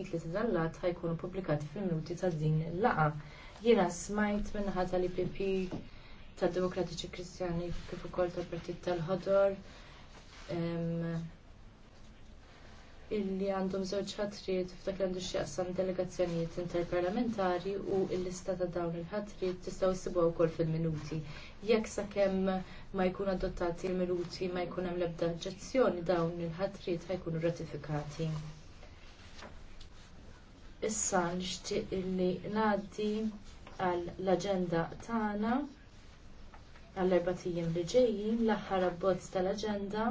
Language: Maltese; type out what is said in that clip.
li tal-lat ħajkunu publikati fil-minuti ta' din il laqgħa Jiena smajt min-naħa tal-IPP tad Demokratiċi Kristjani kif ukoll tal-Partit tal-Ħodor illi għandhom żewġ ħatrijiet f'dak li għandu x'jaqsam delegazzjonijiet interparlamentari u l-lista ta' dawn il-ħatrijiet tistgħu jsibuha wkoll fil-minuti. Jekk sakemm ma jkun adottati l-minuti ma jkun hemm l-ebda ġezzjoni dawn il-ħatrijiet ħajkunu ratifikati issa nixtieq illi ngħaddi għall-aġenda tagħna għall-erbatijiem li ġejjin l-aħħar abbozz tal-aġenda